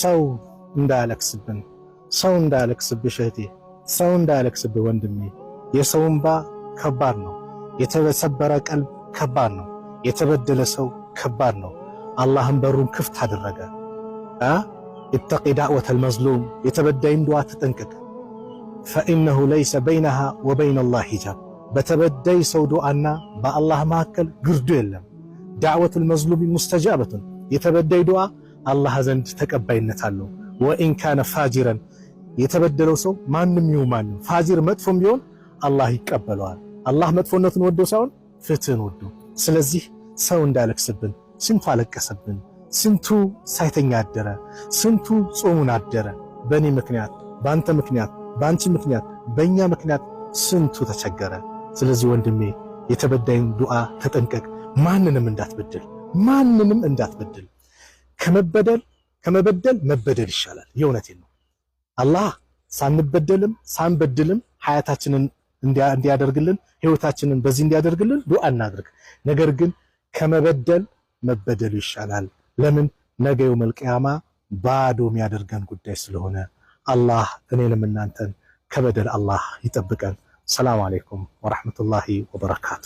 ሰው እንዳያለቅስብን፣ ሰው እንዳያለቅስብሽ እህቴ፣ ሰው እንዳያለቅስብህ ወንድሜ። የሰው እንባ ከባድ ነው። የተሰበረ ቀልብ ከባድ ነው። የተበደለ ሰው ከባድ ነው። አላህም በሩን ክፍት አደረገ። ኢተቂ ዳዕወተል መዝሉም፣ የተበዳይን ዱዓ ተጠንቀቅ። ፈኢነሁ ለይሰ በይነሃ ወበይነላህ ሂጃብ። በተበዳይ ሰው ዱዓና በአላህ መካከል ግርዶ የለም። ዳዕወቱል መዝሉም ሙስተጃበቱን የተበዳይ ዱዓ አላህ ዘንድ ተቀባይነት አለው። ወኢንካነ ፋጅረን የተበደለው ሰው ማንም ይሁን ማንም ፋጅር መጥፎም ቢሆን አላህ ይቀበለዋል። አላህ መጥፎነቱን ወዶ ሳይሆን ፍትህን ወዶ። ስለዚህ ሰው እንዳለቅስብን፣ ስንቱ አለቀሰብን፣ ስንቱ ሳይተኛ አደረ፣ ስንቱ ጾሙን አደረ። በእኔ ምክንያት፣ በአንተ ምክንያት፣ በአንቺ ምክንያት፣ በእኛ ምክንያት ስንቱ ተቸገረ። ስለዚህ ወንድሜ የተበዳይን ዱዓ ተጠንቀቅ። ማንንም እንዳትበድል፣ ማንንም እንዳትበድል። ከመበደል ከመበደል መበደል ይሻላል። የእውነቴን ነው። አላህ ሳንበደልም ሳንበድልም ሀያታችንን እንዲያደርግልን ህይወታችንን በዚህ እንዲያደርግልን ዱዓ እናድርግ። ነገር ግን ከመበደል መበደሉ ይሻላል። ለምን ነገ የውመል ቂያማ ባዶ የሚያደርገን ጉዳይ ስለሆነ አላህ እኔንም እናንተን ከበደል አላህ ይጠብቀን። ሰላም አለይኩም ወራህመቱላሂ ወበረካቱ።